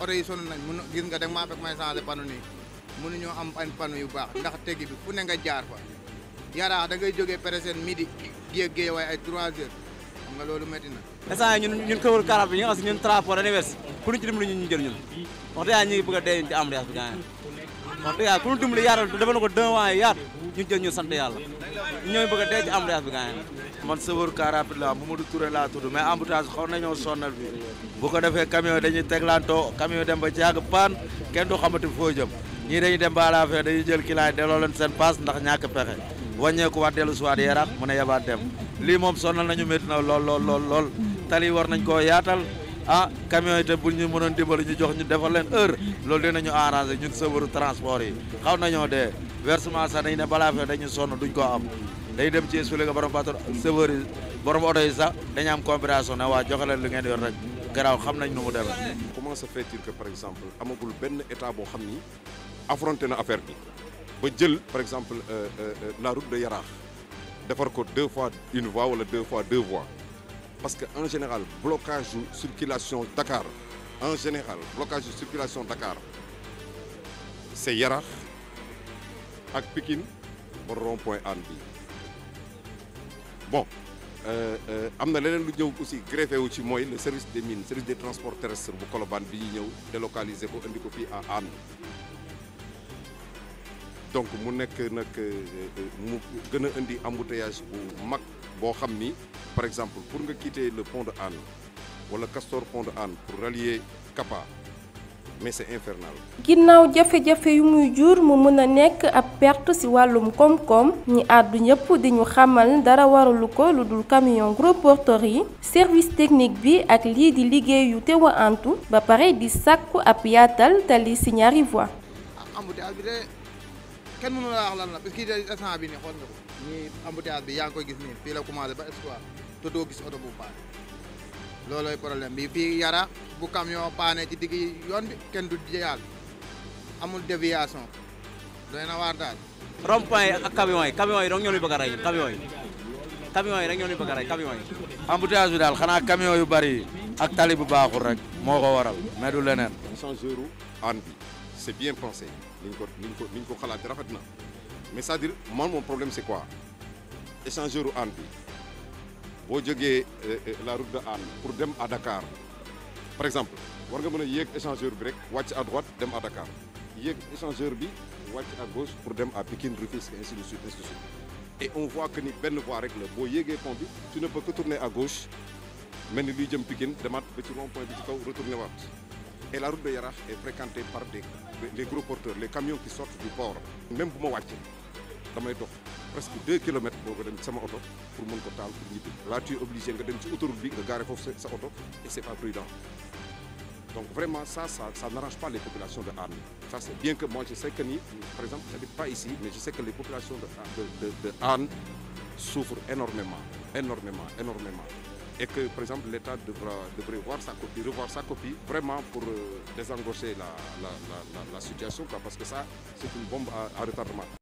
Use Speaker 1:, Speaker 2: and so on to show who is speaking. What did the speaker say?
Speaker 1: oto yi sonn nañ mun gis nga dem maa fekk may changé panneau nii mënuñoo am ay panneau yu baax ndax teggi bi fu ne nga jaar fa yaraax da ngay jógee presque midi géeg géeg waaye ay 3 heures xam nga loolu métti na.
Speaker 2: instant ñun ñun këwul karab bi ñu nga xam si ñun transport anniversaire ku ñu ci dimbali ñu ñu jël ñun wax dëgg yàlla ñu ngi bëgg a dee ci ambiance bi gaañ wax dëgg yàlla ku ñu dimbali yaatal defal na ko deux ans yaat ñu jël ñu sant yàlla ñooy bëgg a dee ci embouteillage bi gaañ man sëwër car rapide la Mamadou Touré laa tudd mais embouteillage xaw nañoo sonnal bi bu ko defee camion dañuy teglantoo camion dem ba jaag paan kenn du xamati foo jëm ñii dañuy dem ba à la fin dañuy jël kilaay delloo leen sen paas ndax ñàkk pexe wàññeeku waat dellu suwaat yaraat mën a yabaat dem lii moom sonnal nañu métti na lool lool lool lool tali war nañ koo yaatal ah camion yi te bu ñu mënoon dimbali ñu jox ñu defal leen heure loolu dinañu arrangé ñun sëwaru transport yi xaw nañoo dee versement sax dañ ne balaa fee dañu sonn duñ ko am day dem ci expliqué borom patron sëwër yi borom oto yi sax dañu am compréhension
Speaker 3: ne waa joxe li ngeen yor rek garaaw xam nañ nu mu demee. comment se fait-il amagul benn état boo xam ni affronté na affaire bi ba jël par exemple euh, euh, euh, la route de Yaraax defar ko deux fois une voie wala deux fois deux voies. parce qu'en général, blocage de circulation Dakar, en général, blocage de circulation Dakar, c'est Yarach, avec Pékin, au rond-point Anbi. Bon, euh, euh, am aussi greffé wu ci le service des mines service des transports terrestres bu Colobane bi délocalisé pour délocaliser ko à Hann donc mu nekk nag euh, mu a indi embouteillage bu Mac, boo par exemple pour nga quitter le pont de Anne wala Castor pont de Anne pour rallier Capa mais c'est infernal.
Speaker 4: ginnaaw jafé jafé yu muy jur mu mën a ab perte ci walum kom kom ñi addu ñëpp di ñu xamal dara waralu ko luddul camion gros porteur yi service technique bi ak li di liggéeyu teewa antu ba pare di sàkku ab yaatal tali ci ñaari voies.
Speaker 1: ah embouteillage bi de kenn mënu la wax lan la parce que instant bi ni xool nga ko nii embouteillage bi yaa ngi koy gis nii fii la commencé ba espoir te doo gis auto bu paane lolay problème bi fii yara bu camion paane ci digg yone bi ken du jaal amul
Speaker 2: déviation doyna war dal daal. ak camion yi camion yi rek ñoo ñu bëgg a camion yi camion yi rek ñoo ñu bëgg a camion embouteillage dal xana camion yu bari ak tali bu baaxul rek moko ko waral mais du leneen.
Speaker 3: zéro en vie c'est bien pensé ni ko ni ko ni ñu ko xalaatee rafet na mais cest dire man mon problème c'est quoi échangeur en vie eh, eh, la route de Anne pour dem à Dakar par exemple war nga mën a échangeur bi watch à droite dem à Dakar yéeg échangeur bi watch à gauche pour dem à Pékin, Rufisque ainsi de suite ainsi de suite et on voit que ni benn voie rek le boo yéegee pont tu ne peux que tourner à gauche mais ni tu jëm Pikine Pékin, ba ci rond point bi ci kaw retourner et la route de Yarach est fréquentée par des les gros porteurs les camions qui sortent du port même moi, watch, wàccee damay presque 2 km pour pour mon là tu es obligé de sa et c'est pas prudent donc vraiment ça ça, n'arrange pas les populations de Arne. ça c'est bien que moi je sais que ni par exemple j'habite pas ici mais je sais que les populations de de souffrent énormément énormément énormément et que par exemple l'État devra devrait voir sa copie revoir sa copie vraiment pour euh, la situation parce que ça c'est une bombe à retardement